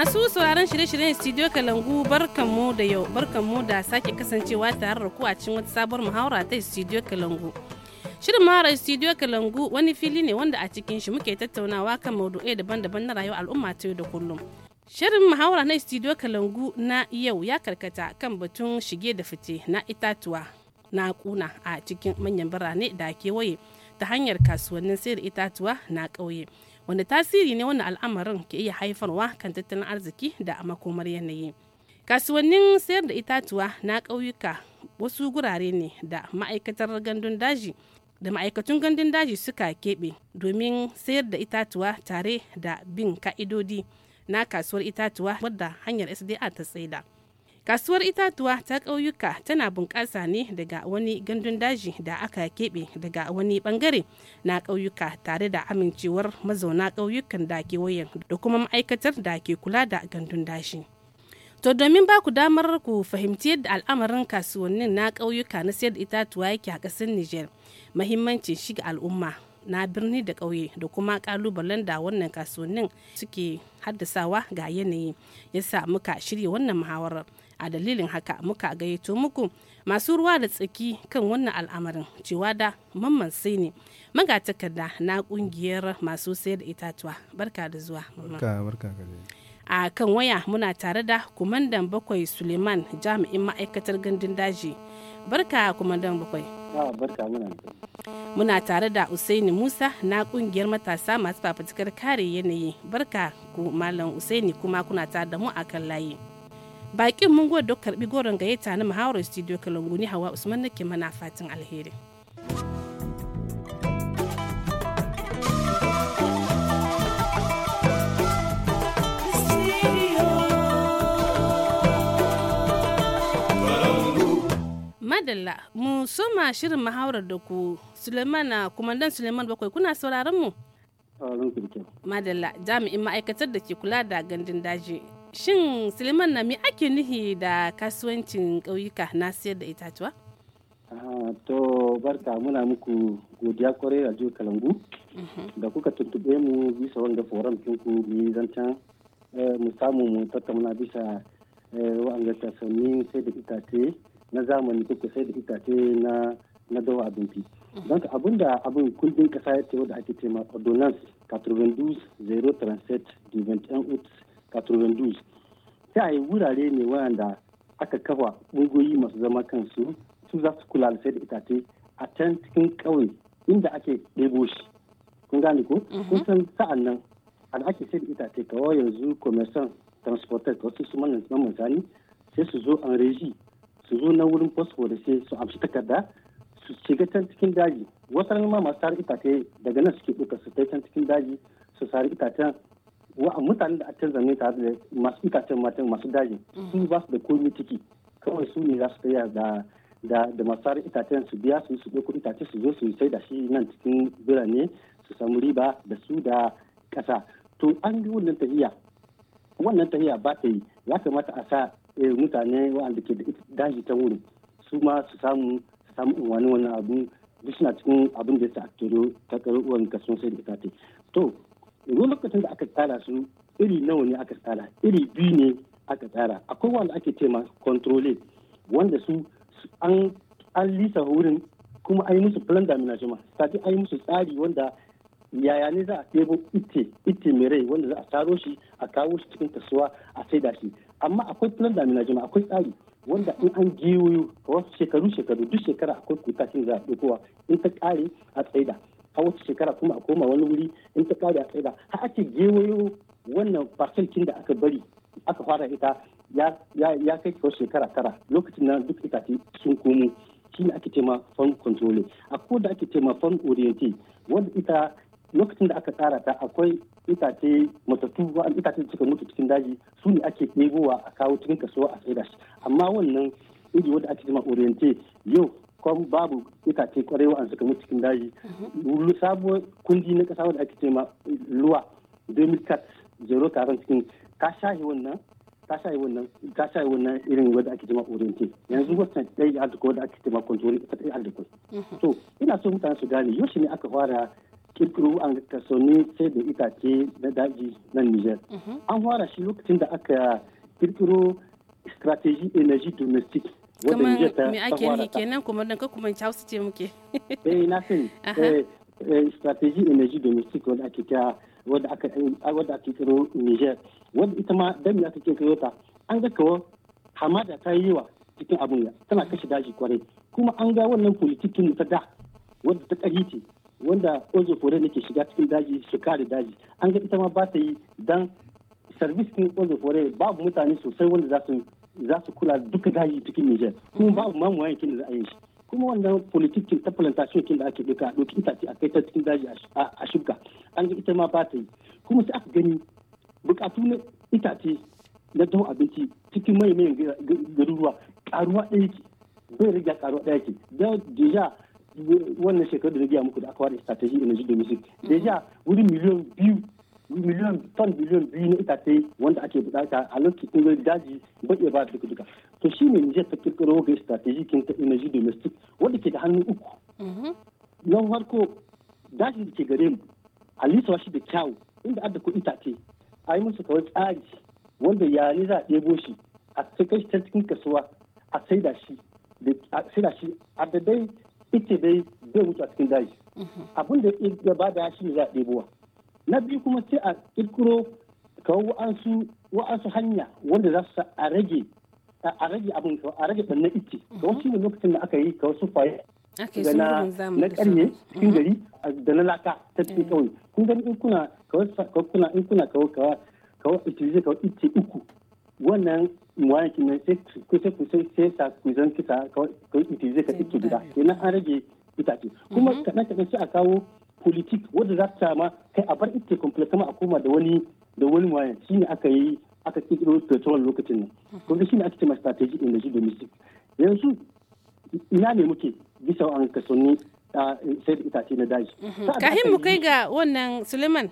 Masu sauraron shirye-shiryen Studio Kalangu barkanmu da yau barkanmu da sake kasancewa tare da ku a cikin wata sabuwar muhawara ta Studio Kalangu. Shirin muhawarar Studio Kalangu wani fili ne wanda a cikin shi muke tattaunawa kan maudu'ai daban-daban na rayuwar al'umma ta yau da kullum. Shirin muhawara na Studio Kalangu na yau ya karkata kan batun shige da fice na itatuwa na kuna a cikin manyan birane da kewaye ta hanyar kasuwannin sayar itatuwa na ƙauye. wanda tasiri ne wannan al'amarin ke iya haifarwa kan tattalin arziki da a makomar yanayi kasuwannin sayar da itatuwa na ƙauyuka wasu gurare ne da ma'aikatar gandun daji da ma'aikatun gandun daji suka keɓe domin sayar da itatuwa tare da bin ka'idodi na kasuwar itatuwa wadda hanyar sda ta tsaida. kasuwar itatuwa ta ƙauyuka tana bunƙasa ne daga wani gandun daji da aka keɓe daga wani ɓangare na ƙauyuka tare da amincewar mazauna ƙauyukan da ke wayan da kuma ma'aikatar da ke kula da gandun daji to domin ba ku damar ku fahimci yadda al'amarin kasuwannin na ƙauyuka na sayar da itatuwa yake a ƙasar niger mahimmancin shiga al'umma na birni da ƙauye da kuma ƙalubalen da wannan kasuwannin suke haddasawa ga yanayi yasa muka shirya wannan muhawarar a dalilin haka muka gayyato muku masu ruwa da tsaki kan wannan al'amarin cewa da mamman sai ne magatakarda na kungiyar masu sayar da itatuwa barka da zuwa a kan waya muna tare da kumandan bakwai suleiman jami'in ma'aikatar gandun daji barka kumandan bakwai ah, muna tare da usaini musa na kungiyar matasa masu fafutukar kare yanayi barka ku malam usaini kuma kuna tare da mu a kan layi bakin mun bi karbi goron gayyata na muhawarar studio kalangu ni hawa usman nake mana fatan alheri madalla mu soma shirin muhawarar da ku sulemana kumandan suleiman bakwai kuna sauraron mu madalla jami'in ma'aikatar da ke kula da gandun daji Shin Suleiman na me ake nuhi da kasuwancin ƙauyuka na siyar da itatuwa? to barka muna muku godiya kwarai a jiya kalangu mhm. da kuka tuntube mu bisa wanda forum ɗinku mu yi zancen eh, mu samu mu tattauna bisa eh, wa'anga kasuwanni sai da itace na zamani kuka sai da itace na na dawa abinci mhm. don abin da abin kundin kasa ya ce wadda ake ce ma ordonance 92 037 du 21 92 ta yi wurare ne wayanda aka kafa ƙungiyoyi masu zama kansu su za su kula da da itace a can cikin ƙauye inda ake ɗebo shi kun gane ko mhm. kun san sa'an nan da ake sai da itace kawo yanzu commercial transporter ka wasu su mamman sani sai su zo an reji su zo na wurin fosfo da sai su amshi takarda su shiga can cikin daji wasu ma masu tara itace daga nan suke ɗauka su kai can cikin daji su sari itacen wa mutanen da ake zane ta da masu itacen matan masu daji mm. su ba su da komi ciki kawai su ne za su tsaya da da da masu itacen su biya su su ɗauko itace su zo su sai da shi nan cikin birane su samu riba da su da ƙasa to an bi wannan tafiya wannan tafiya ba ta yi ya kamata a sa eh, mutane wa'anda ke da daji ta wurin su ma su samu su samu wani wannan abu duk suna cikin abin da ya sa a ta ta karuwan kasuwan sai da itace to ruwan lokacin da aka tsara su iri nawa ne aka tsara iri biyu ne aka tsara akwai wanda ake ce ma wanda su an an lisa wurin kuma an yi musu plan mina ma sati an yi musu tsari wanda yaya ne za a ɗebo ite ite mai rai wanda za a taro shi a kawo shi cikin kasuwa a saida shi amma akwai plan mina ma akwai tsari wanda in an gewayo wasu shekaru shekaru duk shekara akwai kuta za a ɗaukowa in ta ƙare a tsaida a wasu shekara kuma a koma wani wuri in ta kare a tsaida har ake gewayo wannan farcen da aka bari aka fara ita ya kai ko shekara tara lokacin nan duk itace sun komo shi ne ake ma farm controlling a ko da ake ma farm oriente wanda ita lokacin da aka tsara ta akwai itace matattu itace da suka mutu cikin daji su ne ake ɗebowa a kawo cikin kasuwa a saida shi amma wannan iri wanda ake ma oriente yau kwan babu itace kwarewa an suka mutu cikin daji mhm. sabuwar kundi na kasa wadda ake ce ma eh, luwa 2004 zero taron cikin ta shahi wannan ta shahi wannan ta shahi wannan irin wadda ake ce ma oriente yanzu mhm. wata ɗaya arziki wadda ake ce ma kontori ita ɗaya arziki mhm. to ina so mutane su gane yau ne aka fara kirkiro an kasoni sai da itace na daji na niger an fara shi lokacin da aka kirkiro strategy energy domestique kama me ake nufi kenan kuma dan kuma hausa ce muke eh na sani eh, eh, strategy energy domestic wanda ake kira wadda aka eh, wadda ake kiro Niger wadda ita ma dan me aka kiro ta an ga kawo hamada ta yi wa cikin abun ya tana kashe daji kwarai kuma an ga wannan politikin ta da wadda ta kari ce wanda ozo fore ne ke shiga cikin daji su kare daji an ga ita ma ba ta yi dan service din ozo fore babu mutane sosai wanda za su za su kula duka daji cikin Nijar kuma babu mamuwa yankin da za a yi shi kuma wannan politikin ta plantation kin da ake duka a dokin tace a kai ta cikin daji a shuka. an ga ita ma ba ta yi kuma sai aka gani bukatu na itace na don abinci cikin mai mai garuruwa karuwa ɗaya ke bai riga karuwa ɗaya ke da deja wannan shekaru da na gaya muku da aka ware strategy energy domestic deja wurin miliyan biyu miliyan ton biliyan biyu na itace wanda ake bukata a lokacin daji ba ba duka duka to shi ne Nijar ta kirkiro ga strategic ta energy domestic wanda ke da hannu uku mhm. nan farko daji da ke gare mu a lisa shi da kyau inda adda ku itace a yi musu kawai tsari wanda yare za a ɗebo shi a cikin ta cikin kasuwa a da shi a sai da shi a da dai ita dai zai mutu a cikin daji mhm. abin da ba da shi ne za a ɗebowa na biyu kuma sai a kirkiro kawo wa'ansu wa'ansu hanya wanda za su a rage a rage abin a rage ɓannan ice ga wasu ne lokacin da aka yi ka wasu faye da na na ƙarye cikin mhm. gari da na laka ta cikin kawai eh. kun gani in kuna kawo kuna in kuna kawo kawo kawo itilize kawo ice uku wannan wani ne sai kusa kusa sai sa zan kisa kawo itilize ka ice guda kenan an rage itace kuma mhm. kaɗan kaɗan sai a kawo politik wadda za ta ma kai a bar ita complete kuma a koma da wani da wani wayan shine aka yi aka ci ta wani lokacin nan kuma shine ake da strategic energy domestic yanzu ina ne muke bisa an a sai da itace na daji mhm. kahin mu kai ga wannan suleiman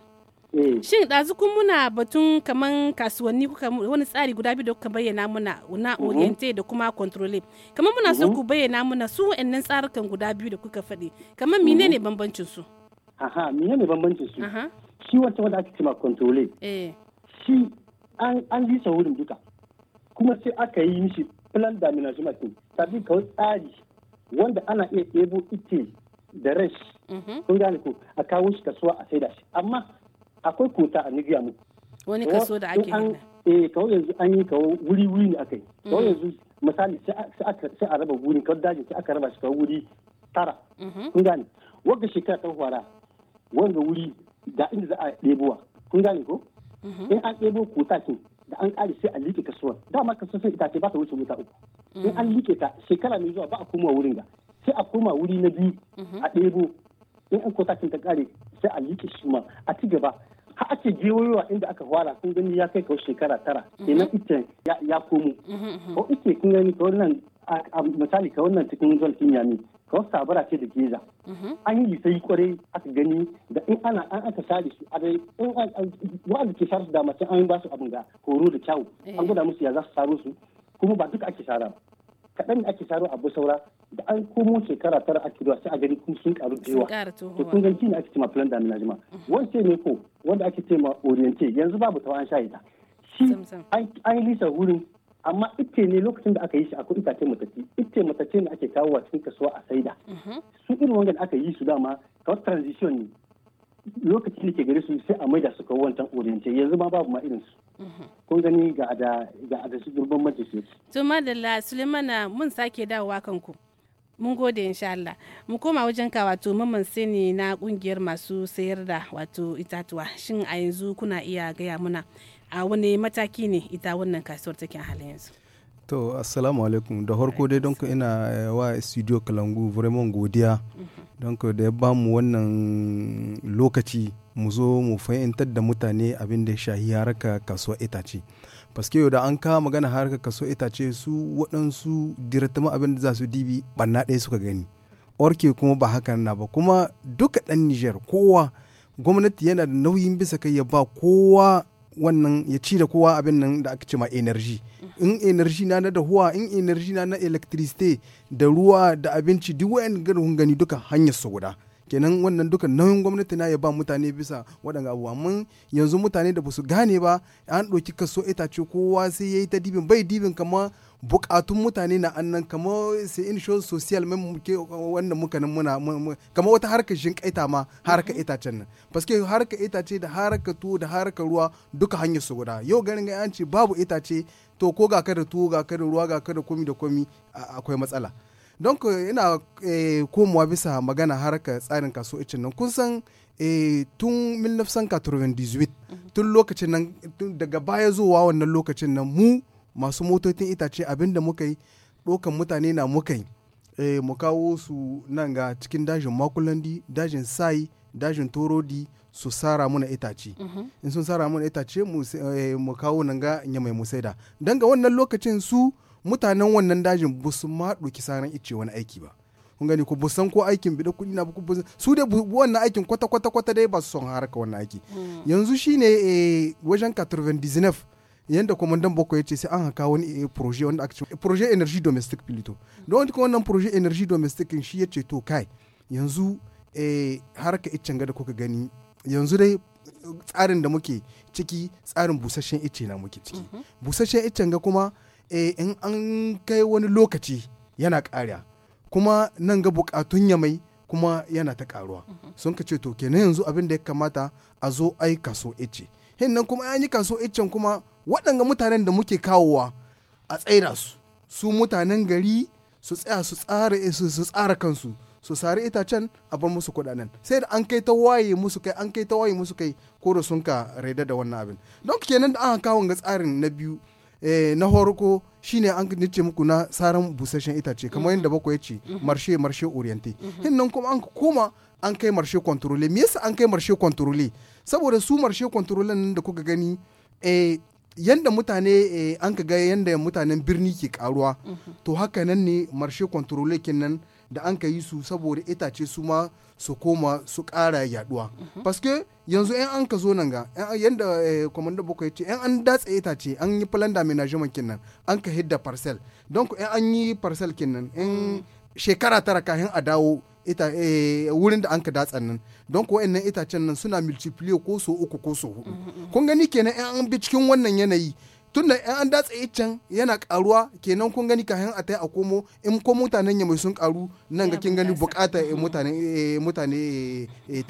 eh. shin ɗazu kun muna batun kaman kasuwanni kuka wani tsari guda biyu da kuka bayyana muna na mhm. oriente da kuma controle kaman muna so mhm. ku bayyana muna su wa'annan tsarukan guda biyu da kuka faɗi kaman menene bambancin su aha me ne bambanci su shi wata wanda ake cima kontrole. Eh. shi an sa wurin duka kuma sai aka yi mishi plan domination makin tabi kawai tsari wanda ana iya ɗebo ite da rash mhm. kun gane ko a kawo shi kasuwa a saida shi amma akwai kota a nigiya mu wani kaso da ake eh kawai yanzu an yi kawo wuri wuri ne aka yi mm. kawai yanzu misali sai a raba wuri, kawai dajin sai aka raba shi kawai wuri tara mhm. kun gane Wanda shekara ta fara. wanga wuri da inda za a ɗebowa kun gane ko mhm. in an ɗebo kota da an ƙare sai a liƙe kasuwar dama kasuwar itace ba ta wuce wuta uku in an liƙe ta shekara mai zuwa ba a koma wurin ga sai a koma wuri na biyu mhm. a ɗebo in an kota ta ƙare sai a liƙe shi ma a ci gaba har ake gewayowa inda aka fara kun gani ya kai kawai shekara tara mhm. kenan ita ya komo ko ita kun gani ka wannan misali ka wannan cikin zuwan kimiyya ne wasu sabara ce da geza mhm. an yi yi kwarai aka gani da in ana an aka share su a in ke su da mace an ba basu abin ga horo da kyawu eh. an gwada musu ya za su saro su kuma ba duka ake shara kaɗan ake a abu saura da an komo shekara tara ake zuwa sai a gani kuma sun karu da yawa to kun ganci ne ake cewa plan da minajima mhm. wance ne ko wanda ake cewa oriente yanzu babu tawa an sha ita shi an yi lisa wurin amma ice ne lokacin da aka yi shi akwai itace matace ice matace ne ake kawo wa cikin kasuwa a saida mhm. su irin wanda aka yi su dama kawai transition ne lokacin da ke gari su sai a maida su kawo wancan oriente yanzu ma babu ma irin su mhm. kun gani ga ada da su gurbin mace to madalla sulemana mun sake dawowa kanku mun gode insha Allah mu koma wajen ka wato mamman sani na kungiyar masu sayar da wato itatuwa shin a yanzu kuna iya gaya muna a wani mataki ne ita wannan kasuwar take a halin yanzu to assalamu alaikum da harko dai don ina eh, wa studio kalangu vraiment godiya mhm. don da ya ba mu wannan lokaci mu zo mu fahimtar da mutane abin da shahi harka kasuwar itace paske yau da an kawo magana harkar kaso itace su waɗansu direttama abin da za su dibi ɓanna ɗaya suka gani orke kuma ba haka na ba kuma duka ɗan nijar kowa gwamnati yana da nauyin bisa kai ya ba kowa wannan ya ci da kowa abin nan da aka ce ma energy in energy na na dahuwa in energy na na electricity da ruwa da abinci duk wayan gani duka hanyar su guda kenan wannan duka nauyin gwamnati na ya ba mutane bisa waɗanga abubuwa mun yanzu mutane da basu gane ba an ɗauki kaso itace kowa sai yayi ta dibin bai dibin kama bukatun mutane na annan kamar sai in shows social wannan muka nan muna kama wata harkar kaita ma harkar mm-hmm. itacen nan paske harkar itace da harkar tuwo da harkar ruwa duka hanyar su guda yau ganin ga yanci babu itace to ko ga ka da tuwo ga ka ruwa ga ka da komi da komi akwai matsala don ina eh, komowa bisa magana harkar tsarin icin nan kun san e, tun 1998 mm-hmm. tun lokacin nan daga baya zuwa wannan lokacin nan mu masu motocin itace abinda muka yi ɗaukan mutane na muka yi e, mu kawo su nan ga cikin dajin makulandi dajin sai dajin torodi su sara muna itace mm-hmm. in sun sara muna itace mu kawo nan ga nyamai musaida don ga wannan lokacin su mutanen wannan dajin ba su ma ɗauki saran ice wani aiki ba kun gani ku busan ko aikin bi da kuɗi na ku su da wannan aikin kwata kwata kwata dai ba su son haraka wannan aiki mm. yanzu shine eh, wajen 99 yanda kwamandan boko ya ce sai an haka wani eh, proje wanda aka ce eh, proje energy domestic pilito mm. don wani wannan proje energy domestic shi ya ce to kai yanzu haraka iccen gada kuka gani yanzu dai tsarin da muke ciki tsarin busasshen ice na muke ciki mm-hmm. busasshen iccen ga kuma eh in an kai wani lokaci yana ƙara kuma nan ga bukatun ya mai kuma yana ta karuwa mhm. sun ka ce to kenan yanzu abin da ya kamata a zo ai kaso ice nan kuma an yi kaso icen kuma waɗanga mutanen da muke kawowa a tsaira su su mutanen gari su tsaya su tsara eh, su tsara kansu su sari itacen a bar musu kuɗanen sai da an kai ta waye musu kai an kai ta waye musu kai ko da sun ka raida da wannan abin don kenan da aka kawo ga tsarin na biyu Eh, na horoko shine an nice muku na saran busasshen itace kamar yadda mhm. bako ya ce marshe marshe oriente mhm. hinnan kuma an koma an kai marshe kontrole me yasa an kai marshe kontrole saboda su marshe kontrole nan da kuka gani eh yanda mutane eh, an ka ga yanda mutanen birni ke karuwa mhm. to haka nan ne marshe kontrole kenan da an ka yi su saboda itace su ma su koma su kara yaduwa mhm. paske yanzu yan an ka zo nan ga yadda kwamandan eh, boko ya ce yan an datse itace an yi da menagement kinnan an ka hidda parcel don ku yan an yi parcel kinnan in mm. shekara tara kafin a dawo eh, wurin da an ka datsan nan don ko wa'annan itacen nan suna multiply ko so uku ko so hudu mhm, mhm. kun gani kenan an bi cikin wannan yanayi tunda in an datse can yana karuwa kenan kun gani kafin a tai a komo in ko mutanen ya mai sun karu nan ga kin gani bukatar eh, mutane eh, mutane eh,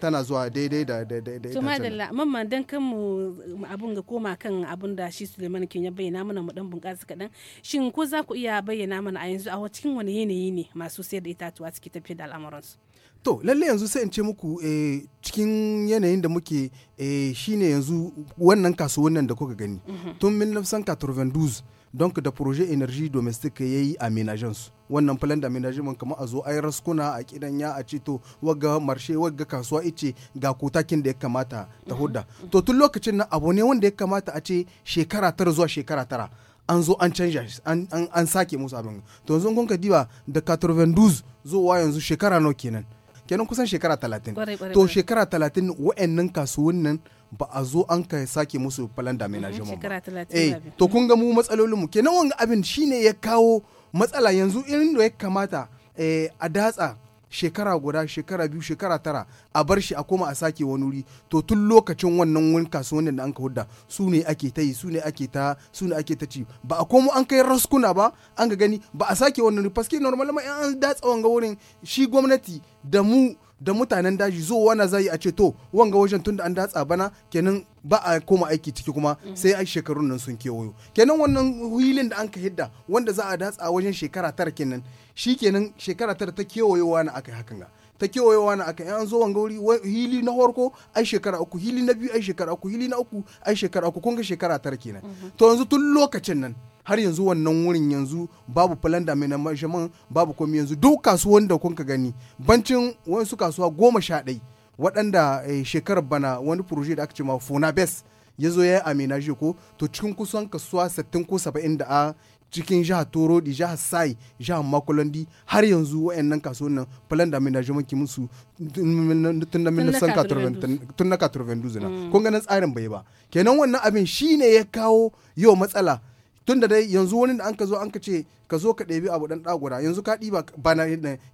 tana zuwa daidai da da to madalla mamman dan kan mu abun ga koma kan abun da shi Suleiman ke ya bayyana mana mu dan bunkasa kadan shin ko za ku iya bayyana mana a yanzu a cikin wani yanayi ne masu sayar da itatuwa suke tafiyar da al'amuransu To lalle yanzu sai in ce muku e, cikin yanayin da muke e, shine yanzu wannan kasuwannin da kuka gani. Mm nafsan Tun 1992 don da projet energy domestic ya yi a Menagens. Wannan plan da man kamar a zo a yi raskuna a ya a ce to wagga marshe wagga kasuwa ice ga kotakin da ya kamata ta mhm. hudda. To tun lokacin nan abu ne wanda ya kamata a ce shekara tara zuwa shekara tara. an zo an canja an sake musu abin to yanzu kun ka diba da 92 zuwa yanzu shekara nawa kenan kenan kusan shekara talatin to shekara talatin wa'annan kasuwannin ba a zo an ka sake musu falan da menajement mhm, ba eh to kun ga mu matsalolin mu kenan wanga abin shine ya kawo matsala yanzu irin da ya kamata eh, a datsa shekara guda shekara biyu shekara tara a bar shi a koma a sake wani wuri to tun lokacin wannan wani kasuwannin da an ka hudda su ne ake ta yi su ne ake ta su ne ake ta ci ba a komo an kai raskuna ba an ga gani ba a sake wannan wuri paske normal ma an datsa wanga wurin shi gwamnati da mu da mutanen daji zo wani zai a ce to wanga wajen tunda an datsa bana kenan ba a koma aiki ciki kuma mm. sai a shekarun nan sun kewayo kenan wannan hilin da an ka hidda wanda za a datsa wajen shekara tara kenan shi kenan shekara tara ta kewayowa na aka hakan ga ta kewayewa na aka yan zo wanga wuri hili na farko ai shekara uku hili na biyu ai shekara uku hili na uku ai shekara uku kun ga shekara tara kenan mm-hmm. to yanzu tun lokacin nan har yanzu wannan wurin yanzu babu falanda mai namashaman babu komi yanzu duk kasuwan da kun ka gani bancin wasu kasuwa goma sha ɗai waɗanda eh, shekarar bana wani proje da aka ce ma fonabes ya zo ya yi amenaje ko to cikin kusan kasuwa sattin ko saba'in da a cikin jihar torodi jihar sai jihar makulandi har yanzu wayannan kasuwannin plan da amenagement ki musu tun na 1992 na mm. kun ganin tsarin bai ba kenan wannan abin shine ya kawo yau matsala tun da dai yanzu wani da an ka zo an ka ce ka zo ka ɗebi abu ɗan ɗagura yanzu ka ɗiba bana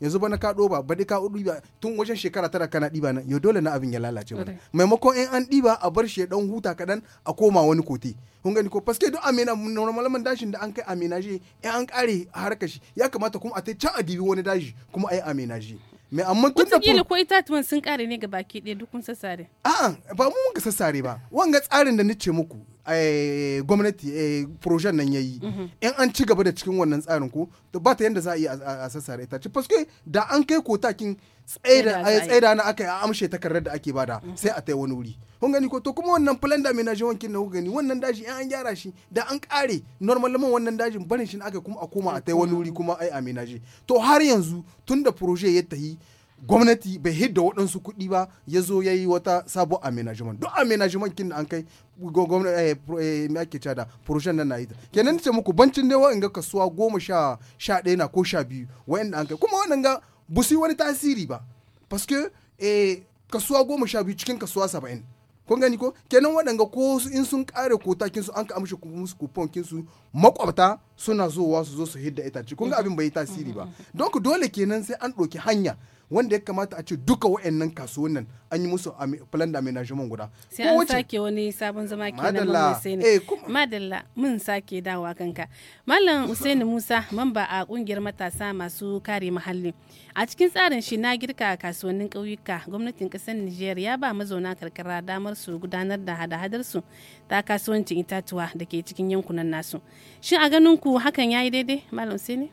yanzu bana ka ɗoba baɗi ka ɗiba tun wajen shekara tara kana ɗiba nan yau dole na abin ya lalace mana maimakon in an ɗiba a bar shi ya ɗan huta kaɗan a koma wani kote kun gani ko paske duk amina man dashin da an kai aminaji in an ƙare harkar shi ya kamata kuma a ta can a dibi wani daji kuma a yi aminaji. mai amma tun da ko itatuwan sun kare ne ga baki ɗaya duk kun sassare a'a ba mu mun ka sassare ba wanga tsarin da nace muku Eh, gwamnati eh, projen nan ya yi mhm. in an ci gaba da cikin wannan tsarin ko ba ta yadda za a yi a sassare ita ce paske da an kai kotakin eh, tsaida na aka yi a amshe takardar da ake bada mhm. sai a tai wani wuri kun gani ko to kuma wannan plan da mai wankin na gani wannan daji in an gyara shi da an kare normal laman wannan dajin barin shi aka kuma a koma a tai wani wuri kuma ai a menaje to har yanzu tun da proje ya tahi gwamnati bai hidda waɗansu kuɗi ba ya zo ya yi wata sabo amenajiman duk amenajiman kin da an kai gwamnati eh, eh, ake cada furushen nan na yi ta kenan ce muku bancin dai wa'in ga kasuwa goma sha sha ɗaya na ko sha biyu wa'in da an kai kuma wannan ga ba su yi wani tasiri ba paske eh, kasuwa goma sha biyu cikin kasuwa saba'in kun gani ko kenan waɗanga ko in sun ƙare kotakinsu an ka amshi musu kupon kinsu makwabta suna zuwa su zo su hidda itace kun ga abin bai tasiri ba don ku dole kenan sai an ɗauki hanya wanda ya kamata a ce duka wa'annan kasuwannin an yi musu plan da management guda sai an sake wani sabon zama kenan mun eh, madalla mun sake dawowa kanka mallam Hussein Musa mamba a kungiyar matasa masu kare muhalli a cikin tsarin shi na girka kasuwannin ƙauyuka gwamnatin kasar Nijar ya ba mazauna karkara damar su gudanar da hada-hadar su ta kasuwancin itatuwa da ke cikin yankunan nasu shin a ganin ku hakan ya yi daidai malam ne.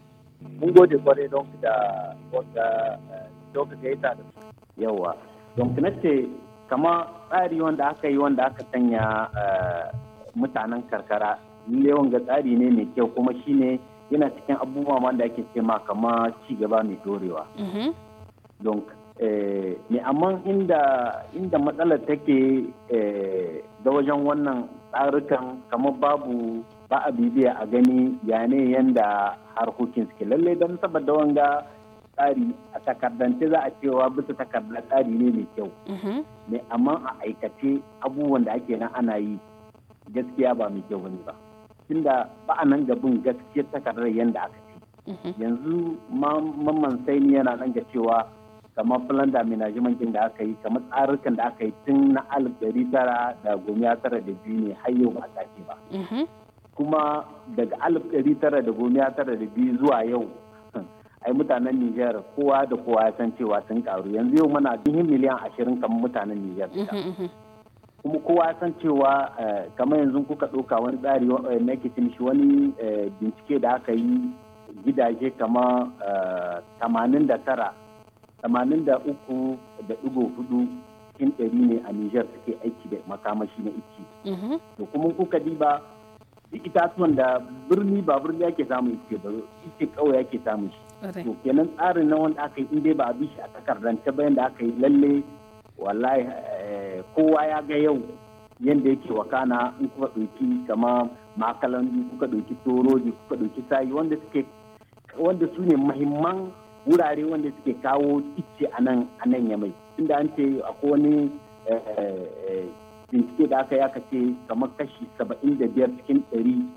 mun gode kwarai don da wanda eh, doka ka ita da yawa don kuma ce kama tsari wanda aka yi wanda aka sanya eh, mutanen karkara lewan ga tsari ne mai kyau kuma shi ne yana cikin abubuwa da ake ce ma kama ci gaba mai dorewa mm-hmm. don eh, me amma inda matsalar take da wajen wannan tsarukan kamar babu ba a bibiya a gani yane ne yanda harkokin suke lallai don saboda wanga tsari a takardance za a cewa bisa takarda tsari ne mai kyau mai mm-hmm. amma a aikace abubuwan da ake nan ana yi gaskiya ba mai kyau bane ba tunda ba a nan gabin gaskiyar takardar yanda aka ce mm-hmm. yanzu mamman sai ni yana nan ga cewa kamar filan daminajimankin da aka yi kamar tsarukan da aka yi tun na alif da tara da gomiya tara da biyu ne har yau ba a ba mhm. kuma daga alif da tara da gomiya tara da biyu zuwa yau ai mutanen Nijar kowa da kowa ya san cewa sun karu yanzu yau muna bihin miliyan ashirin kamar mutanen Nijar. Mhm, mhm. kuma kowa ya san cewa eh, kamar yanzu kuka ɗauka wani tsari eh, na kitin shi wani eh, bincike da aka yi gidaje kama tamanin da tara 83 da ɗigo hudu cikin ɗari ne a Nijar suke aiki da makamashi na iki. Mhm. To kuma kuka diba duk itatuwan da birni ba birni ake samun ice ba ice kawai ake samun shi. To kenan tsarin na wanda aka yi inda ba a bishi shi a takardance bayan da aka yi lalle wallahi eh, kowa ya ga yau yadda yake wakana in kuka ɗauki kama makalan kuka ɗauki toroji kuka ɗauki sayi wanda suke wanda su ne mahimman wurare wanda suke kawo icce a nan a nan yamai inda an ce akwai wani eh, eh, bincike da aka yaka ce kamar kashi saba'in da biyar cikin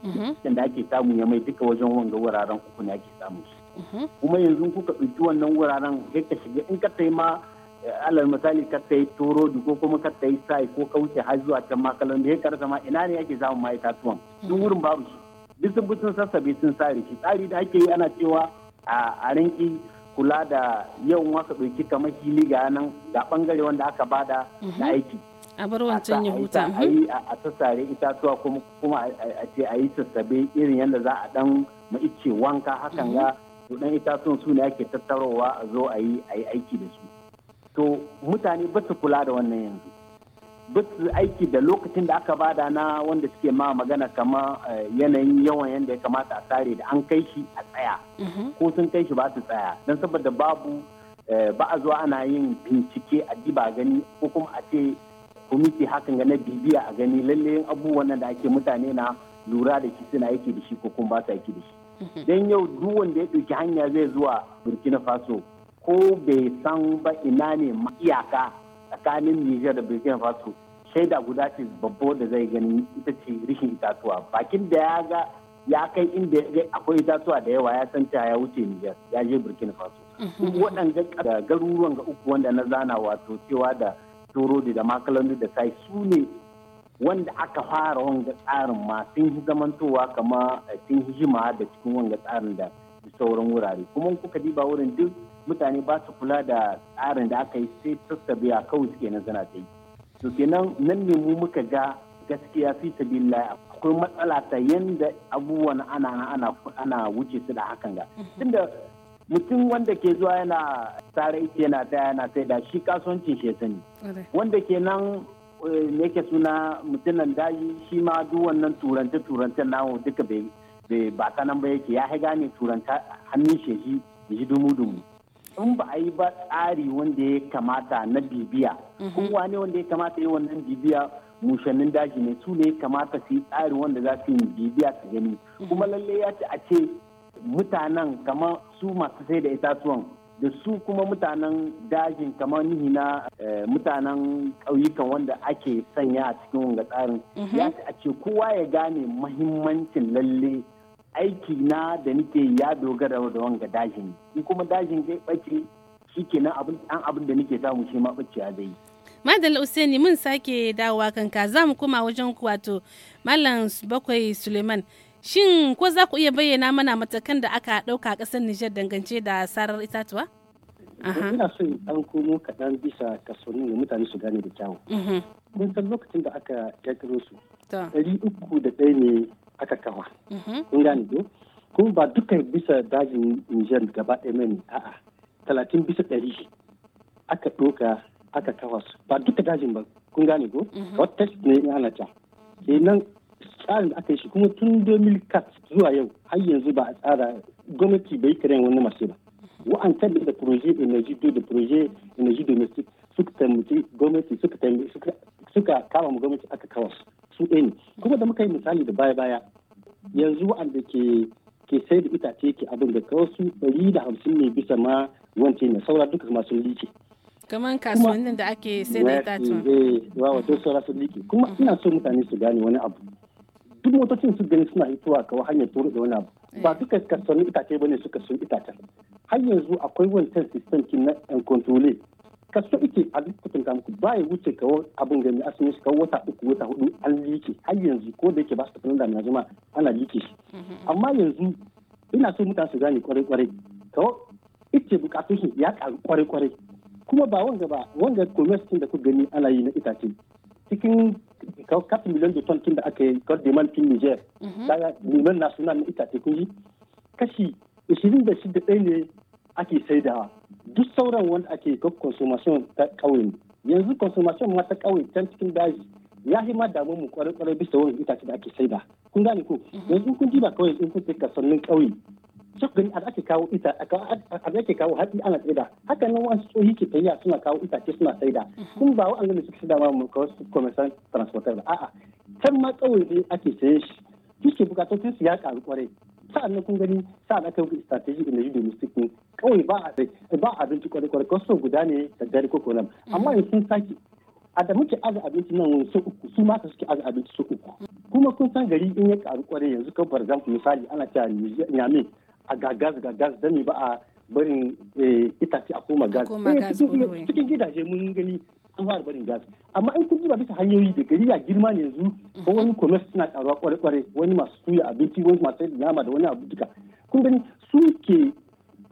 mhm. da ake samu yamai duka wajen wanga wuraren uku ne ake samun shi mhm. kuma yanzu kuka ɗauki wannan wuraren sai ka shiga in ka ma eh, alal misali ka ta yi torodi ko kuma ka ta sai ko wuce har zuwa can makalan da ya karsa ma ina ne ake samun ma itatuwan duk mhm. wurin babu shi duk sun sun sassabe sun sare shi tsari da ake yi ana cewa a rinki kula da yau wasu ɗauki kamar hili ga nan ga ɓangare wanda aka bada na mhm. aiki. a bar wancan ya huta mhm. a a sassare itatuwa kuma a ce a yi sassabe irin yadda za a dan ice wanka hakan ga dan mhm. itatuwan su ne ake tattarowa a zo a yi aiki da su to mutane ba su kula da wannan yanzu ba aiki da lokacin da aka bada na wanda suke ma magana kama eh, yanayin yawan yadda ya kamata a tsare da an kai shi a tsaya mhm. ko sun kai shi ba su tsaya don saboda babu eh, ba a zuwa ana yin bincike a diba gani ko kuma a ce kwamiti hakan ga na bibiya a gani lalle abubuwan da ake mutane na lura da shi suna aiki da shi ko kuma ba su aiki da shi mhm. don yau duk wanda ya ɗauki hanya zai zuwa burkina faso ko bai san ba ina ne iyaka tsakanin Nijar da Burkina Faso shaida guda ce babbo da zai gani ita ce rishin itatuwa bakin da ya ga ya kai inda ya akwai itatuwa da yawa ya san ta ya wuce Nijar ya je Burkina Faso mhm. waɗanda garuruwan ga uku wanda na zana wato cewa da Torodi da Makalandu da Sai su ne wanda aka fara wanga tsarin ma sun yi zamantowa kama eh, sun yi da cikin wanga tsarin da sauran wurare kuma kuka diba wurin duk mutane ba su kula da tsarin da aka yi sai biya kawai suke na zana ta yi to kenan nan ne mu muka ga gaskiya fi a akwai matsala ta yanda abubuwan ana ana wuce su da hakan ga tunda mutum wanda ke zuwa yana tsara ita yana ta yana sai da shi kasuwancin shi sani wanda ke nan eh, yake suna mutumin daji shi ma duk wannan turanta turanta nawo duka bai ba nan ba yake ya haiga gane turanta hannun shi shi dumu dumu in ba a yi ba tsari wanda ya kamata na bibiya mhm. kowa ne wanda ya kamata yi wannan bibiya mushannin daji ne su ne kamata su yi tsari wanda za su yi bibiya su gani mhm. kuma lalle ya ce a ce mutanen kamar su masu sai da itatuwan da su kuma mutanen dajin kamar nihi na eh, mutanen kauyukan wanda ake sanya a cikin wanga tsarin mhm. ya ce a ce kowa ya gane mahimmancin lalle aiki na da nike ya dogara da wanga dajin in kuma dajin zai bace shikenan abin dan abin da nike samu shi ma bace ya zai madal Usaini mun sake dawowa kanka za mu koma wajen ku wato Malam Bakwai Suleiman shin ko za ku iya bayyana mana matakan da aka ɗauka a ƙasar Nijar dangance da sarar itatuwa? Ina so ɗan komo kaɗan bisa kasuwanni da mutane su gane da kyawu. Mun mhm. san lokacin da aka ƙirƙiro su. Ɗari uku da ɗaya ne aka kawa kun mhm. gane ko kuma ba dukkan bisa dajin Nijar gaba ɗaya mani a'a talatin bisa ɗari aka ɗoka aka kawa su ba duka dajin ba kun gane ko mhm. wata ne ya ta kenan tsarin da aka yi shi kuma tun 2004 zuwa yau har yanzu ba a tsara gwamnati bai karen wani masu ba mhm. wa'antar da proje energy do da proje energy domestic suka taimaki gwamnati suka suka kama gwamnati aka kawo su su ɗaya ne kuma da muka yi misali da baya baya yanzu wanda ke ke sai da itace ke abin da kawai su ɗari da hamsin ne bisa ma wance na saura duka masu lice. kamar kasuwannin da ake sai da itatuwa. Eh, wa wato saura sun lice kuma ina so mutane su gane wani abu duk motocin su gani suna hitowa kawai hanyar turu da wani abu eh. ba duka kasuwannin itace ba ne suka sun itacen har yanzu akwai wancan sistem na yan kontrole kaso ike a lokacin ga muku ba ya wuce kawo abin gani asimin shi kawo wata uku wata hudu an liƙe har yanzu ko da yake ba su tafi nan da jama'a ana liƙe shi mm-hmm. amma yanzu ina so mutane su gane kwarai kwarai kawo ike bukatun shi ya karu kwarai kwarai kuma ba wanga ba wanga commerce din da ku gani ana yi na itace cikin kawo kafin miliyan da ton da aka yi kawai demand kin Niger mm-hmm. daga miliyan national na itace kun yi kashi 26 ɗaya ne ake da duk sauran wanda ake ga consumption ta ƙauye yanzu consumption ma ta ƙauye can cikin daji ya fi ma damu mu kwarai kwarai bisa wani itace da ake saida kun gane ko mhm. yanzu kun ji ba kawai in kun tsika sannin ƙauye duk gani a ake kawo ita a ake kawo hadi ana saida haka nan wasu tsohi ke tayya suna kawo itace suna saida mhm. kun ba wa'an gani suke saida ma mu kawo su commercial transporter ba a'a can ma ƙauye ne ake saye shi duk bukatun su ya ƙaru kwarai sa'annan kun gani aka kan strategic energy domestic din kawai ba a ba abinci kwarai-kwarai so guda ne da dare ko nan amma in sun sake a da muke aza abinci nan wani su uku su mata suke aza abinci su uku kuma kun san gari in ya karu kwarai yanzu kan barzan misali ana cewa nyame a gagas gagas dami ba a barin eh, itace a koma gas eh, cikin gidaje mun gani an fara barin gas amma in kun ba bisa hanyoyi da gari ya girma ne yanzu ko mhm. wani commerce suna karuwa kware-kware wani masu suya abinci wani masu sayar da nama da wani abu duka kun gani su ke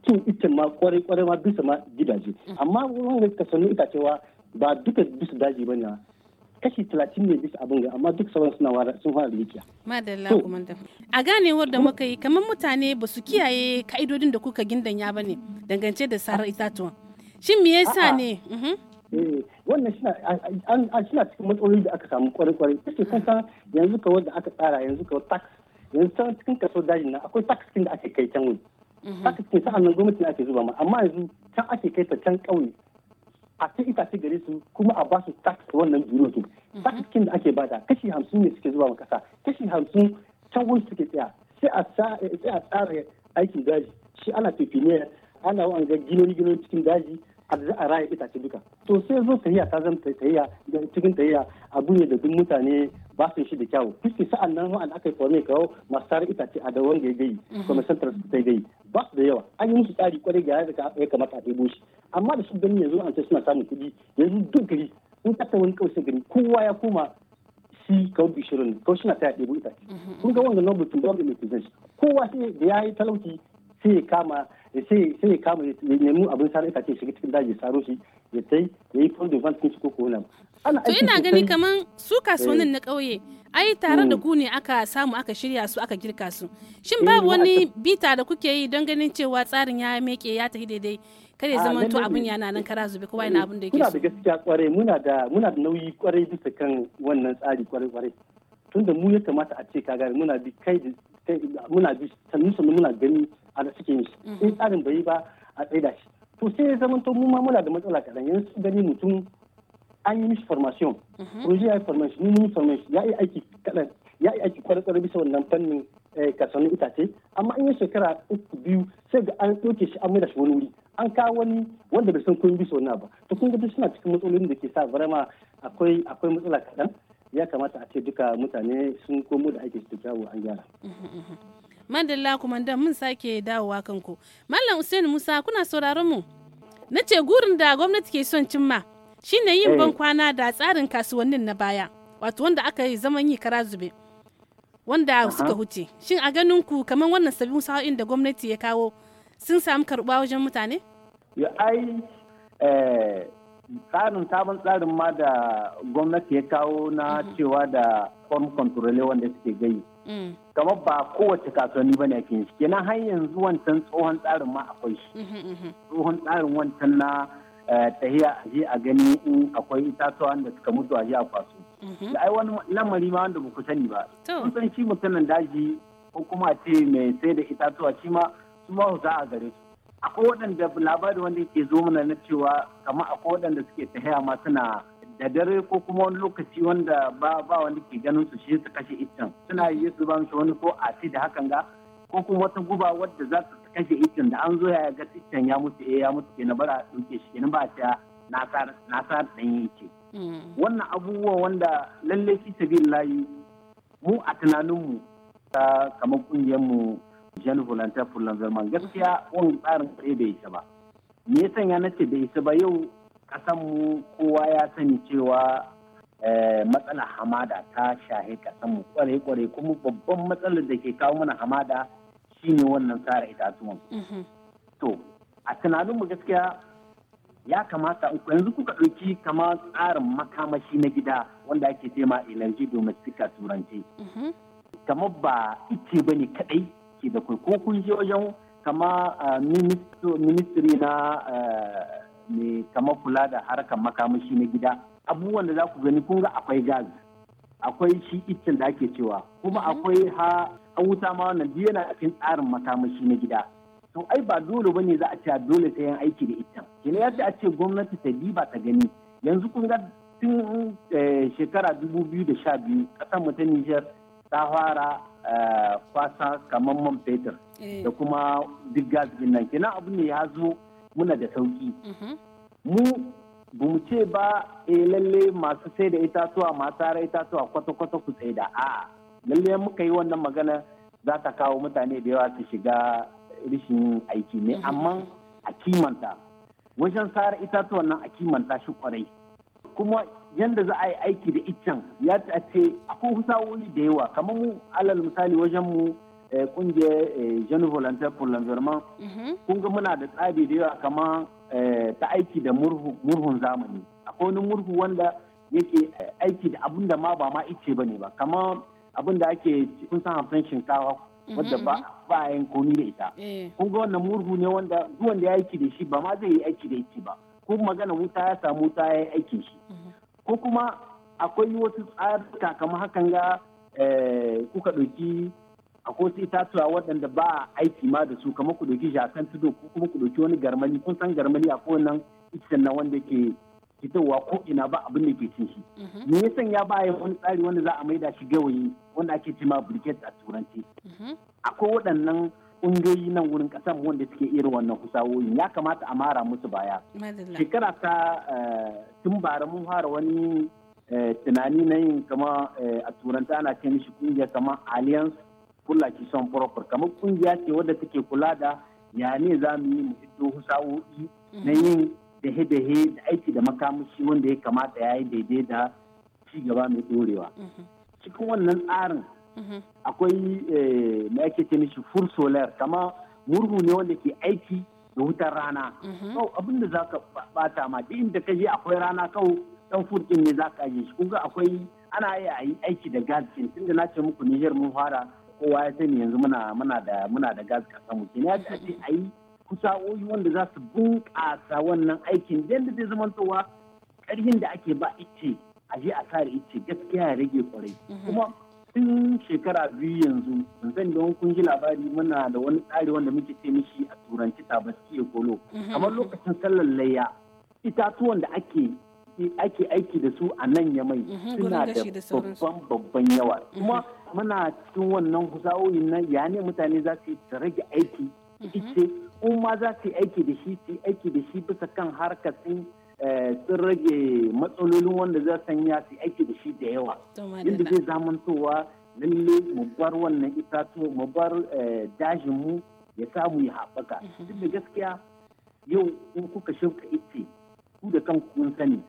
cin itin ma kware-kware ma bisa ma gidaje mhm. amma wani kasannin itacewa ba duka bisa daji ba ne kashi talatin ne bisa abin ga amma duk sauran suna sun fara rikiya. Madalla kumanda. A ganewar da muka yi kamar mutane ba su kiyaye ka'idodin da kuka gindanya ba ne dangance da sarar itatuwan. Shin me yasa ne? Mhm. Eh, wannan suna cikin matsaloli da aka samu kwarai-kwarai. Kashi kun san yanzu kawai da aka tsara yanzu kawai tax yanzu can cikin kaso dajin nan akwai tax ɗin da ake kai can wuri. Mhm. Tax ɗin sa'an nan gwamnati ake zuba ma amma yanzu can ake kai ta can ƙauye a ta itace gare su kuma a ba su tax wannan biro su mhm. tax kin da ake bada kashi hamsin ne suke zuba ma kasa kashi hamsin can wani suke tsaya eh, sai a tsara aikin daji shi ana pepiniyar ana ga ginoni ginoni cikin daji a za a raya itace duka to sai zo tahiya ta zama tahiya cikin tahiya abu ne da duk mutane ba su shi da kyau fiske sa'an nan wa'an aka yi kwame kawo masu tarin itace a da wanda ya gai mhm. kuma santar su ta gai ba su da yawa an yi musu tsari kwarai yadda ya kamata a ɗebo shi amma da su gani yanzu an ce suna samun kuɗi yanzu duk gari in ka wani kawai gari kowa ya koma si kawo bishirin ko suna ta ɗebo itace mhm. kun ga wanda nan dole ne ku zai kowa sai da ya yi talauci sai ya kama sai ya kama ya nemi abin sarar itace shiga cikin daji saro shi ya tai ya yi ko to ina gani kaman su kasuwannin eh. na ƙauye ai tare da mm. ku ne aka samu aka shirya su aka girka su shin eh, babu wani bita da kuke yi don ganin cewa tsarin ya meke ya tafi daidai kare ah, zaman to abun yana nan kara zube kowa yana eh, abun da yake so. Muna da gaskiya kwarai muna da muna da nauyi kwarai bisa kan wannan tsari kwarai kwarai. Tunda mu ya kamata a ce ka gari muna bi kai muna bi sannu sannu muna gani a da suke yin shi. Sai mm-hmm. tsarin bai ba a tsaida shi. to sai ya zama to mu ma muna da matsala kaɗan yanzu su gani mutum an yi mishi formation projet mhm. ya yi formation ni mun formation ya yi aiki kaɗan ya yi aiki kwarar bisa wannan fannin eh, kasuwannin itace amma an yi shekara uku biyu sai ga an ɗauke shi an mai da shi wani wuri an kawo wani wanda bai san kun bisa wannan ba to kun ga suna cikin matsalolin da ke sa barama akwai akwai matsala kaɗan ya kamata a ce duka mutane sun komo da aiki su kyawu an gyara. Mhm, mhm, madalla kumandan mun sake dawowa kanku mallam usaini musa kuna sauraron mu na ce gurin da gwamnati ke son cimma shine yin eh. ban kwana da tsarin kasuwannin na baya wato wanda aka yi zaman yi kara zube wanda suka huce shin a ganin ku kamar wannan sabbin sa'o'in da gwamnati ya kawo sun samu karɓuwa wajen mutane ya ai eh, tsarin sabon tsarin ma da gwamnati ya kawo na mhm. cewa da form control wanda suke gai mm. kamar ba kowace kasuwanni ba ne ake shi kenan har yanzu wancan tsohon tsarin ma akwai shi tsohon tsarin wancan na eh, tahiya a je a gani in akwai itatuwa da suka mutu a je a kwaso da ai wani lamari ma wanda ku sani ba kun san shi mutumin daji ko kuma ce mai sai da itatuwa shi ma su ma a gare su akwai waɗanda labari wanda yake zo mana na cewa kama akwai waɗanda suke tahiya ma suna da dare ko kuma wani lokaci wanda ba ba wanda ke ganin su shi su kashe iccen suna yi su ba wani ko ati da hakan ga ko kuma wata guba wadda za su kashe iccen da an zo ya ga iccen ya mutu eh ya mutu kenan bara dauke shi kenan ba ta na sa dan yake hmm. wannan abubuwa wanda lalle bi sabilillahi mu a tunaninmu ta kamar kungiyar mu Jean Volunteer for Lanzarman gaskiya wani tsarin tsaye bai isa ba me ya sanya na ce bai isa ba yau mu kowa ya sani cewa eh, matsala hamada ta shahe mu kwarai-kwarai kuma babban matsalar da ke kawo mana hamada shine wannan tsara itatuwan. Mm-hmm. To, a tunanin mu gaskiya ya kamata yanzu kuka ɗauki kama tsarin makamashi na gida wanda ake tema energy domestic a turanci. Mm-hmm. Kamar ba ice ba ne kaɗai ke da ko kun je wajen kama eh, ministry na eh, mai kama kula da harkar makamashi na gida abubuwan da za ku gani kun ga akwai gas akwai shi iccen da ake cewa kuma mhm. akwai ha a wuta ma wannan duk yana cikin tsarin makamashi na gida to ai ba dole bane za a ce dole sai yan aiki da iccen kina yadda a ce gwamnati ta diba ta gani yanzu kun ga tun eh, shekara 2012 kasan mu ta Niger ta fara eh, kwasa kamar man fetur eh. da kuma duk gas din nan kina abu ne ya zo muna da sauki mm-hmm. mu ba mu ce ba e lalle masu sai da itatuwa ma tara itatuwa kwata-kwata ku sai da a lalle muka yi wannan magana za ta kawo mutane da yawa su shiga rishin aiki ne mm-hmm. amma a kimanta wajen sara itatuwa nan a kimanta shi kwarai kuma yadda za a yi aiki da iccen ya ce akwai hutawoyi da yawa kamar mu alal misali wajen mu Eh, kungiyar eh, Jeune Volunteer for L'Environnement mhm. kun ga muna da tsari da yawa kama eh, ta aiki da murhun zamani. Akwai wani murhu wanda yake aiki da abun da ma ba ma ice ba ne ba kama abun da ake kun san hamsin shinkawa mhm. wadda ba a yin komi da ita. Kun ga wannan murhu ne wanda duk wanda ya aiki da shi ba ma zai yi aiki da ice ba. Ko magana wuta ya samu ta ya aiki shi. Mhm. Ko kuma akwai wasu tsarika kamar hakan ga kuka ɗauki akwai wasu itatuwa waɗanda ba aiki ma da su kamar ku ɗauki jakan tudu ko kuma ku ɗauki wani garmani kun san garmani a kowannan iccen na wanda ke fitowa ko ina ba abin da ke cin shi mhm. me ya sanya ba ya wani tsari wanda za a da shi gawayi wanda ake ce ma briquette a turanci mhm. akwai waɗannan ƙungiyoyi nan wurin ƙasar wanda suke irin wannan kusawoyin ya kamata a mara musu baya shekara ta eh, tun bara mun fara wani eh, tunani na yin kama eh, a turanta ana ce mishi ƙungiya kama alliance kula ki son proper kamar kungiya ce wadda take kula da ya ne za mu yi mu hiddo sa'o'i na mm-hmm. yin dahe-dahe da aiki da makamashi wanda ya kamata ya yi daidai da ci gaba mai dorewa mm-hmm. cikin wannan tsarin mm-hmm. akwai eh, me ake ce mishi full solar kama murhu ne wanda ke aiki da wutar rana kawai abin da za ka bata ma duk inda ka je akwai rana kawo dan furkin ne za ka shi kuga akwai ana iya yi aiki da gas tunda na ce muku nijar mun fara kowa ya sani yanzu muna muna da muna da gas kasa mu kenan ya ce kusa kusa'o'i wanda za su bunƙasa wannan aikin yadda zai zama zamantowa ƙarhin da ake ba ice a je a sare ice gaskiya ya rage kwarai mhm. kuma tun shekara biyu yanzu zan sani da kun ji labari muna da wani tsari wanda muke ce mishi a turanci tabaski kolo mhm. kamar lokacin sallar layya itatuwan da ake ake aiki da su a nan yamai mhm, suna da babban babban yawa mhm. kuma muna cikin wannan husawoyin nan ya ne mutane za su rage aiki mhm. ita in za su yi aiki da shi su aiki da shi bisa kan harkar eh, sun rage matsalolin wanda za su sanya su aiki da shi da yawa yadda zai zamantowa lalle mu bar wannan itatuwa mu bar eh, dajin mu ya samu ya haɓaka duk da gaskiya yau in kuka shauka ita ku da kanku kun sani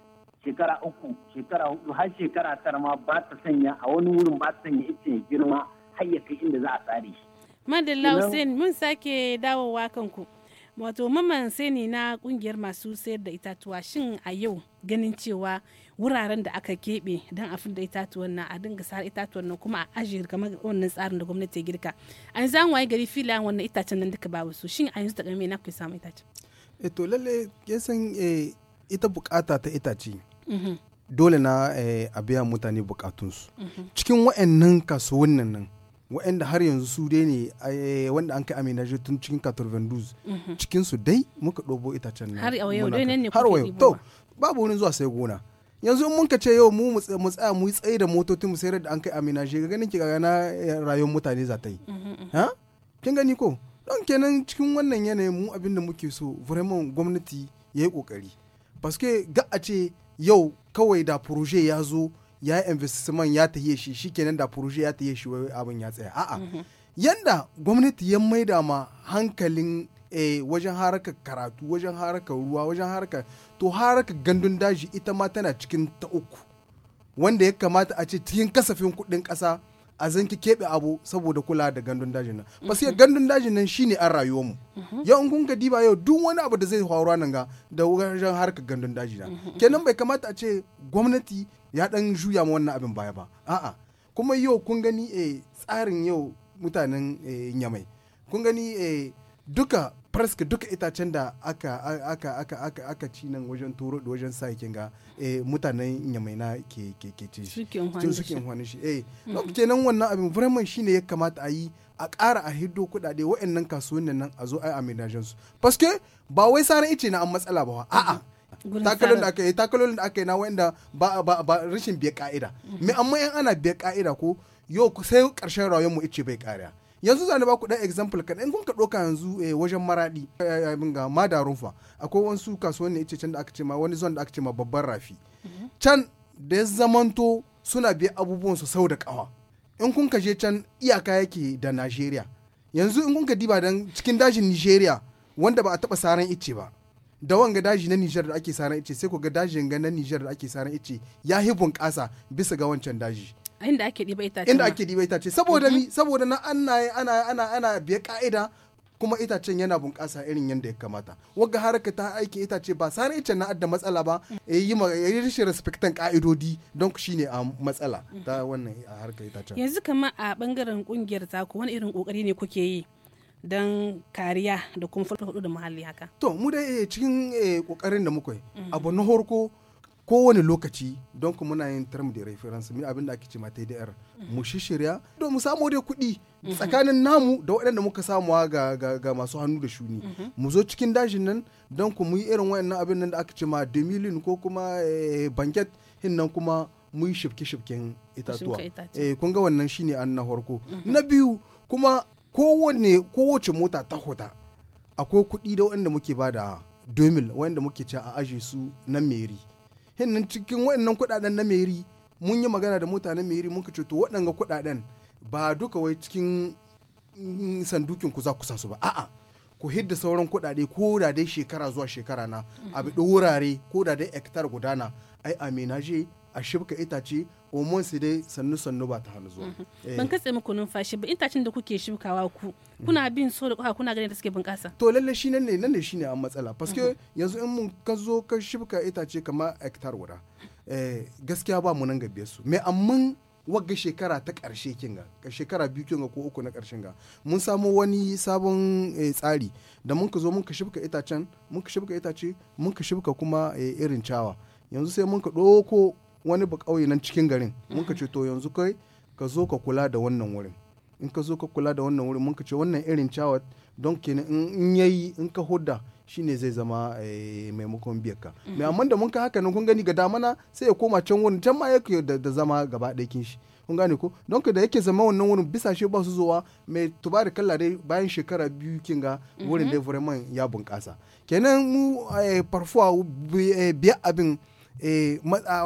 shekara uku shekara hudu har shekara tara ma ba ta sanya a wani wurin ba ta sanya ya girma har ya kai inda za a tsare shi. Madalla Hussein mun sake dawowa kanku. Wato maman sani na kungiyar masu sayar da itatuwa shin a yau ganin cewa wuraren da aka keɓe don a da itatuwan na a dinga sa itatuwan nan kuma a ajiye kamar wannan tsarin da gwamnati ya girka. A yanzu an waye gari filayen wannan itacen nan duka babu su shin a yanzu da na ku samu itacen. E eh, to lalle ya san eh, ita bukata ta itace. dole na eh, a biya mutane bukatunsu cikin wa'annan kasuwannin nan wa'anda har yanzu su dai ne eh, wanda an kai amina tun cikin katorvenduz cikin su dai muka ɗobo itacen nan har yau nan ne har yau to babu wurin zuwa sai gona yanzu in mun ka ce yau mu mu tsaya mu tsaye da motocin mu sayar da an kai amina je ga ganin ki ga na eh, rayuwar mutane za ta yi ha kin gani ko don kenan cikin wannan yanayin mu abin da muke so vraiment gwamnati yayi kokari parce que ga a ce yau kawai da proje ya zo ya yi investment ya tahiye shi shikenan da proje ya tahiye shi wai abin ya tsaya a'a mhm. yanda gwamnati ya maida ma hankalin eh, wajen haraka karatu wajen haraka ruwa wajen haraka to haraka gandun daji ita ma tana cikin ta uku wanda ya kamata a ce cikin kasafin kuɗin ƙasa a zanki keɓe abu saboda kula da gandun dajin nan basiya mhm. gandun dajin nan shine an rayuwar mu mhm. yau in kun diba yau duk wani abu da zai faruwa nan ga da wajen harkar gandun daji na mhm. kenan bai kamata a ce gwamnati ya dan juya ma wannan abin baya ba a'a kuma yau kun gani eh tsarin yau mutanen eh, nyamai kun gani eh duka preske duka itacen da aka aka aka aka aka ci nan wajen turo da wajen sa ga eh mutanen na ke ke ke ci shi suke hwani shi eh mm. kenan wannan abin vraiment shine ya kamata a yi a ƙara a hiddo kuɗaɗe wa'annan kasuwannin nan a zo ai a su paske ba wai saran ice na an matsala ba a'a takalolin da aka yi takalolin da aka yi na wa'anda ba ba ba rashin biya ka'ida mm. me amma in ana biya ka'ida ko yau sai ƙarshen rayuwar mu ice bai ƙariya yanzu za ni ba ku dan example kaɗan in kun ka ɗauka yanzu eh, wajen maraɗi eh, ga madarun rumfa akwai wasu kasuwanni ice can da aka ce ma wani zon da aka ce ma babban rafi mhm. can da ya zamanto suna biya abubuwan su sau da ƙawa in kun ka je can iyaka yake da Najeriya yanzu in kun ka diba dan cikin dajin Nigeria wanda ba a taɓa saran ice ba da wanga daji na Nijar da ake saran ice sai ku ga dajin ga na Nijar da ake saran ice ya hi bunƙasa bisa ga wancan daji inda ake diba itace inda ake diba itace saboda mhm. ni saboda na ana ana ana ana biya ka'ida kuma itacen yana bunƙasa irin yadda ya kamata wagga haraka ta aiki itace ba sare icen na adda matsala ba ya yi rashin respectan ka'idodi don shi ne a matsala ta mhm. wannan harka itace yanzu kama a bangaren kungiyar ku wani irin kokari ne kuke yi don kariya da kuma hudu da muhalli haka to mu dai eh, cikin kokarin eh, da muka yi mhm. abu na horko kowane lokaci don ku muna yin term da reference mi abin da ake ce mata mu shishirya don mu samu dai kuɗi mhm. tsakanin namu da waɗanda muka samuwa ga, masu hannu da shuni mhm. mu zo cikin dajin nan don ku mu irin waɗannan abin nan da aka ce ma demilin ko kuma eh, banket hin nan kuma mu yi shifke-shifken itatuwa eh, kun ga wannan shine an na farko mhm. na biyu kuma kowane kowace mota ta hota akwai kuɗi da waɗanda muke bada 2000 waɗanda muke ci a aje su na meri hinnan cikin wayannan kuɗaɗen na meri mun yi magana da mutanen meri mun ce to waɗanga kuɗaɗen ba duka wai cikin mm, sandukin ku za ku san su ba a'a ku hidda sauran kuɗaɗe ko da dai shekara zuwa shekara na abu bi ko da dai hectare gudana ai a a shibka itace omon su dai sannu sannu ba ta hannu zuwa mhm. eh. ban katse muku numfashi ba intacin da kuke shukawa ku kuna mhm. bin so da kuka kuna ganin da suke bunƙasa to lalle shi nan ne nan ne shine an matsala paske mhm. yanzu in mun ka zo ka shuka itace kamar hectare guda eh, gaskiya ba mu nan gabe su me amma wagga shekara ta ƙarshe kinga shekara biyu ga ko uku na ƙarshen ga mun samu wani sabon eh, tsari da mun ka zo mun ka shibka itacen mun ka shibka itace mun ka shuka kuma irin cawa yanzu sai mun ka ɗauko wani ba ƙauye nan cikin garin mun ka ce to yanzu kai ka zo ka kula da wannan wurin in ka zo ka kula da wannan wurin mun ka ce wannan irin cawat don kenan in yayi in ka hudda shine zai zama eh, maimakon biyar ka mm-hmm. mai amma da mun ka haka nan kun gani ga damana sai ya koma can wurin can ma yake da zama gaba ɗaya shi kun gane ko don da yake zama wannan wurin bisa shi ba su zuwa mai tuba da kalla dai bayan shekara biyu kin ga wurin mm-hmm. dai vraiment ya bunƙasa kenan mu eh, parfois eh, biya abin Eh,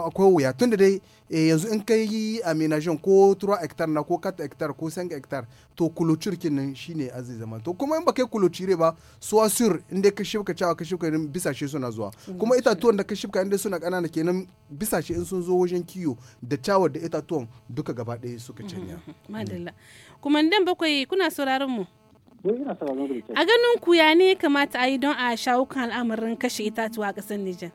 akwai wuya tunda dai eh, yanzu in ka yi amenajon ko 3 hectare na ko 4 hectare ko 5 hectare to kulocir shi ne azai zama to kuma in ba kai kulucire ba suwa sur inda ka shifka cewa ka shibka irin bisashe suna zuwa kuma itatuwan da ka shifka inda suna kanana kenan bisashe in sun zo wajen kiyo da cawa da itatuwan duka gaba ɗaya suka canya. madalla kuma dan bakwai kuna sauraron mu eh, a ganin ku ya ne kamata a yi don a shawo kan al'amarin kashe itatuwa a ƙasar Nijar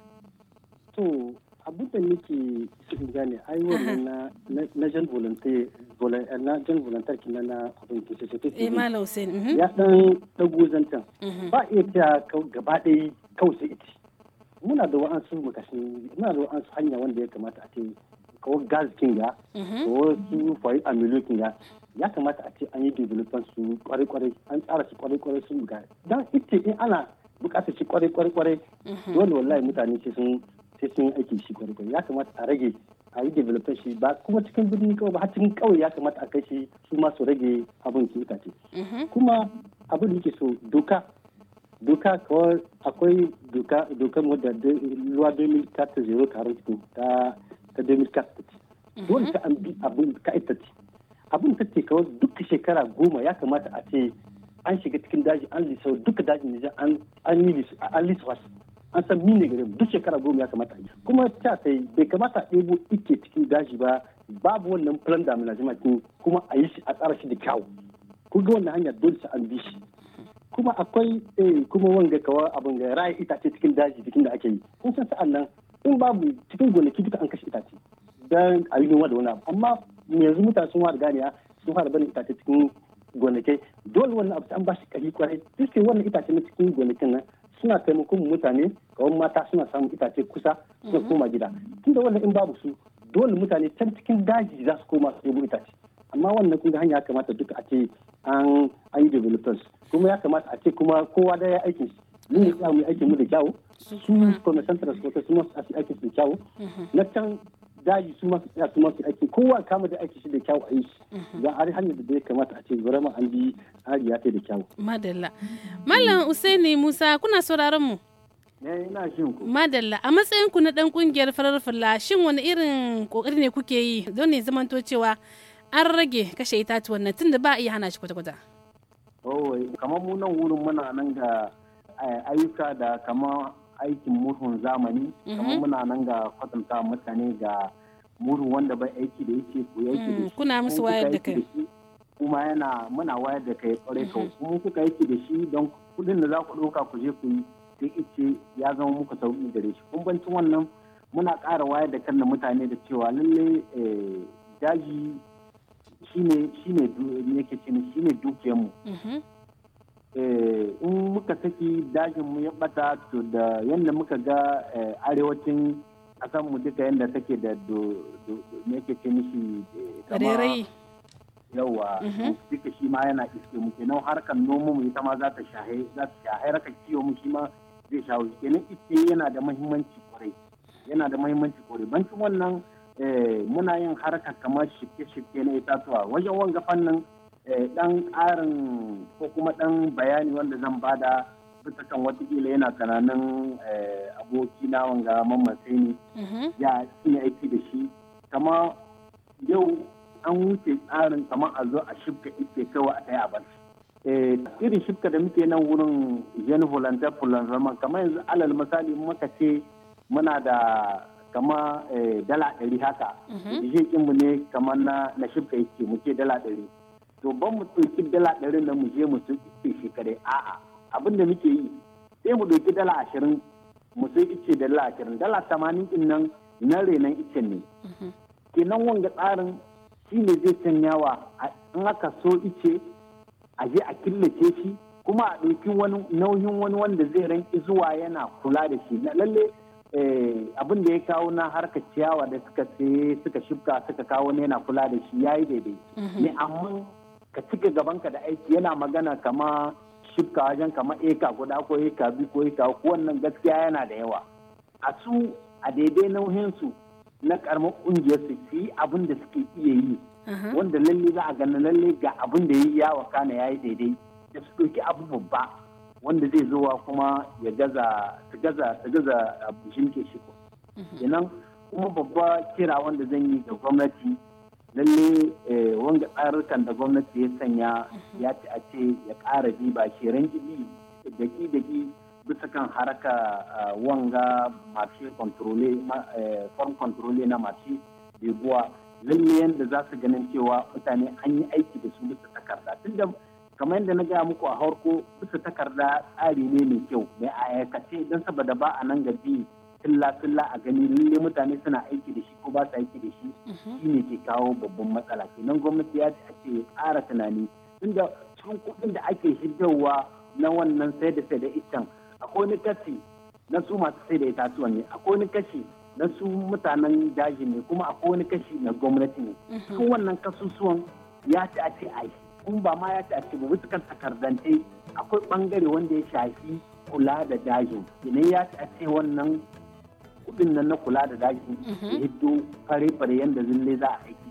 To abin da nake cikin gane ai wannan na na jan volunteer na jan volunteer kina na abin da ke cikin eh malam Hussein mhm. ya dan dago zantan mhm. ba iya ta gaba ɗaya kawai sai ita muna da wa'ansu makashin muna da wa'ansu hanya wanda ya kamata a ce kawo gas kin ga mhm. su fayi amilu kin ga ya kamata a ce an yi development su kwarai-kwarai an tsara su kwarai-kwarai sun ga dan ita in ana bukatar shi kwarai-kwarai dole wallahi mutane ce sun sai sun yi aiki shi gwargwaro ya kamata a rage a yi development shi ba kuma cikin birni kawai ba cikin kawai ya kamata a kai shi su masu rage abin ce mm-hmm. kuma abin da yake so doka doka kawai akwai doka doka da ruwa 2004 taron ta ta 2004 mm-hmm. dole ka an bi abin ka ita ce abin ta ce kawai duka shekara goma ya kamata a ce an shiga cikin daji an lisa duka dajin nijar an yi lisa an lisa wasu an san mine gare duk shekara goma ya kamata kuma ta sai bai kamata a ɗebo ike cikin daji ba babu wannan plan da management din kuma a yi shi a tsara shi da kyau ku ga wannan hanya dole sa an bi shi kuma akwai eh, kuma wanga kawa abin ga ra'ayi itace cikin daji cikin da ake yi kun san sa'an nan in babu cikin gonaki duka an kashe itace dan a yi noma da wani abu amma yanzu mutane sun fara ganiya sun fara barin itace cikin gonakai dole wannan abu an ba shi kari kwarai duk wannan itace na cikin gonakin nan suna taimakon mutane kawai mata suna samun itace kusa suna mhm. koma gida tunda wannan in babu su dole mutane can cikin daji za su koma su itace amma wannan kun ga hanya kamata duka a ce an an yi developers kuma ya kamata a ce kuma kowa da ya aikin shi mun yi tsamu aikin mu da kyau su commercial transportation su masu aikin su da kyau mhm. na can daji su masu tsaya su masu aiki kowa kama da aiki shi da kyau a yi shi za mm-hmm. a hanyar da ya kamata a ce ma an bi hari ya da kyau. madalla mallam usaini musa kuna sauraron mu. Eh, ina shin ku. madalla a matsayin ku na dan kungiyar farar fulla shin wani irin kokari ne kuke yi don ne to cewa an rage kashe itatuwan nan tunda ba a iya hana shi kwata-kwata. Oh, kamar mu nan wurin muna nan ga eh, ayyuka da kamar aikin murhun zamani mhm. kamar muna nan ga kwatanta mutane ga murhu wanda bai aiki da yake ko yake da mhm. shi kuna musu wayar da kai kuma yana muna wayar da kai kware kawai kuma mhm. kuka yake da shi don kudin da za ku ɗauka ku je ku yi sai ice ya zama muku sauƙi gare shi kumbancin wannan muna ƙara wayar da kan mutane da cewa lalle eh, daji shine shine yake shine shine dukiyarmu Eh, in muka saki dajin mu ya bata to da yadda muka ga eh, arewacin kasan mu duka yadda take da me ke ce mishi eh, kama yawa mhm. duka shi ma yana iske mu kenan harkar noma mu ita ma za ta shahe za ta shahe raka kiwo mu shi ma zai shawo kenan iske yana da muhimmanci kwarai yana da muhimmanci kwarai bancin wannan muna yin harkar kamar shirke-shirke na itatuwa wajen wanga fannin Eh, dan ƙarin ko kuma dan bayani wanda zan bada bisa kan watakila yana kananan eh, aboki na wanga mamman sai mhm. ya iya aiki da shi kama yau an wuce tsarin kama a zo a shifka ita kawa a ɗaya a bar eh, irin shifka da muke nan wurin yan volunteer man kama yanzu alal misali muka ce muna da kama dala ɗari haka jikin mhm. mu ne kaman na shifka yake muke dala ɗari to ban mu ɗauki dala ɗari nan mu je mu sun ice shi kare a'a abin da muke yi sai mu ɗauki dala ashirin mu sun ice dala ashirin dala tamanin ɗin nan na renan ice ne mhm. kenan wanga tsarin shi ne zai wa in aka so ice a je a killace shi kuma a ɗauki wani nauyin wani wanda zai ranki zuwa yana kula da shi na lalle eh, abin da ya kawo na harkar ciyawa da suka ce suka shifka suka kawo ne yana kula da shi ya yi daidai ne mhm. amma ka cika gabanka da aiki yana magana kama shifka wajen kama eka guda ko eka biyu ko eka ko wannan gaskiya yana da yawa a su a daidai nauyin su na karamar kungiyar su yi abin da suke iya yi wanda lalle za a gani lalle ga abin da ya yi yawa kana ya yi daidai da su ɗauki abu babba wanda zai zuwa kuma ya gaza su gaza su gaza shi mhm. kuma babba kira wanda zan yi ga gwamnati lalle eh, wanga tsarukan da gwamnati ya sanya ya ci a ce ya ƙara ba shi ranjibi daki-daki bisa kan haraka ah, wanga mafi kontrole eh, form kontrole na mafi bebuwa lalle yadda za su ganin cewa mutane an yi aiki da su bisa takarda tunda kamar yadda na gaya muku a harko bisa takarda tsari ne mai kyau mai aikace don saboda ba a nan gaji filla-filla a gani lalle mutane suna aiki da shi ko ba su aiki da shi mhm. shi ne ke kawo babban matsala kenan gwamnati ya ce ake ƙara tunani tunda cikin kuɗin da ake shigarwa na wannan sai da sai da iccen akwai wani kashi na su masu sai da itatuwa ne akwai wani kashi na su mutanen daji ne kuma akwai wani kashi na gwamnati ne mhm. cikin wannan kasusuwan ya ce a ce ai kun ba ma ya ce a ce ba bisa takardance akwai bangare wanda ya shafi kula da dajin idan ya ce a ce wannan kuɗin nan na kula da daji da mhm. hiddo fare-fare yadda zille za a aiki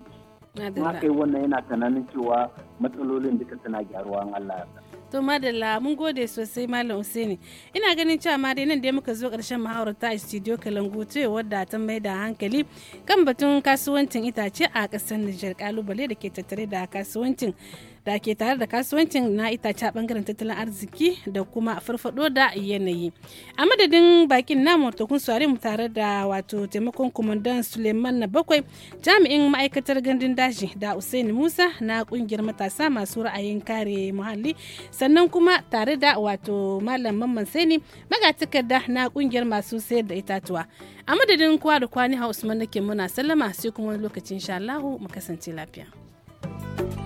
ma kai wannan yana tunanin cewa matsalolin duka suna gyaruwa an Allah ya to madalla mun gode sosai malam Usaini ina ganin cewa ma dai nan dai muka zo karshen muhawarta a studio Kalangu ce wadda ta mai da hankali kan batun kasuwancin itace a ƙasar Nijar kalubale da ke tattare da kasuwancin da ke tare da kasuwancin na itace a bangaren tattalin arziki da kuma farfado da yanayi a madadin bakin namu tukun suwari mu tare da wato taimakon kumandan suleiman na bakwai jami'in ma'aikatar gandun daji da usaini musa na kungiyar matasa masu ra'ayin kare muhalli sannan kuma tare da wato malam mamman Saini magatakarda na kungiyar masu sayar da itatuwa a madadin kowa da kwani ha usman nake muna sallama sai kuma lokacin sha mu kasance lafiya. thank you